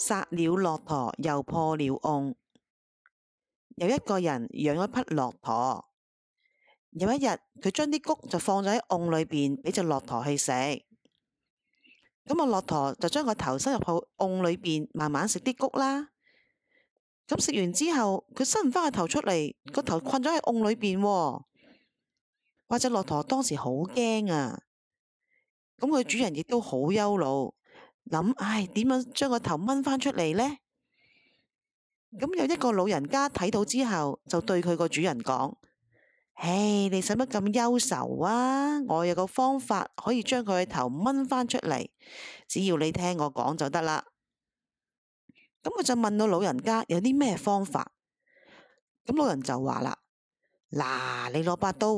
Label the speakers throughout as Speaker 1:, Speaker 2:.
Speaker 1: 殺了駱駝又破了甕。有一個人養咗匹駱駝，有一日佢將啲穀就放咗喺甕裏邊俾隻駱駝去食。咁啊，駱駝就將個頭伸入去甕裏邊慢慢食啲穀啦。咁食完之後，佢伸唔翻個頭出嚟，個頭困咗喺甕裏邊，啊。話隻駱駝當時好驚啊。咁佢主人亦都好憂惱。諗，唉，點樣將個頭掹翻出嚟呢？咁有一個老人家睇到之後，就對佢個主人講：，唉，你使乜咁憂愁啊？我有個方法可以將佢個頭掹翻出嚟，只要你聽我講就得啦。咁我就問到老人家有啲咩方法？咁老人就話啦：，嗱，你攞把刀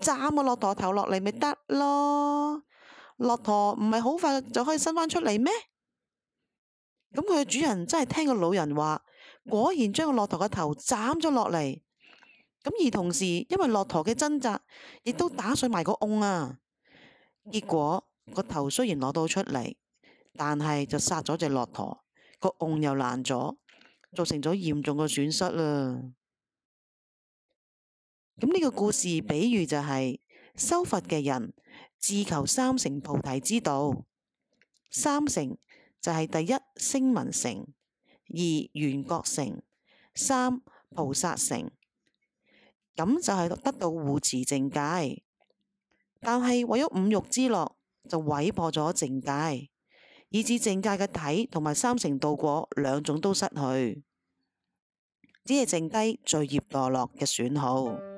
Speaker 1: 斬個駱駝頭落嚟，咪得咯。駱駝唔係好快就可以伸翻出嚟咩？咁佢嘅主人真係聽個老人話，果然將個駱駝嘅頭斬咗落嚟。咁而同時，因為駱駝嘅掙扎，亦都打碎埋個甕啊！結果個頭雖然攞到出嚟，但係就殺咗隻駱駝，個甕又爛咗，造成咗嚴重嘅損失啦。咁呢個故事比喻就係、是。修佛嘅人自求三成菩提之道，三成就係第一聲聞成，二緣覺成，三菩薩成，咁就係得到護持淨戒。但係為咗五欲之樂就毀破咗淨戒，以致淨戒嘅體同埋三成道果兩種都失去，只係剩低罪孽墮落嘅損耗。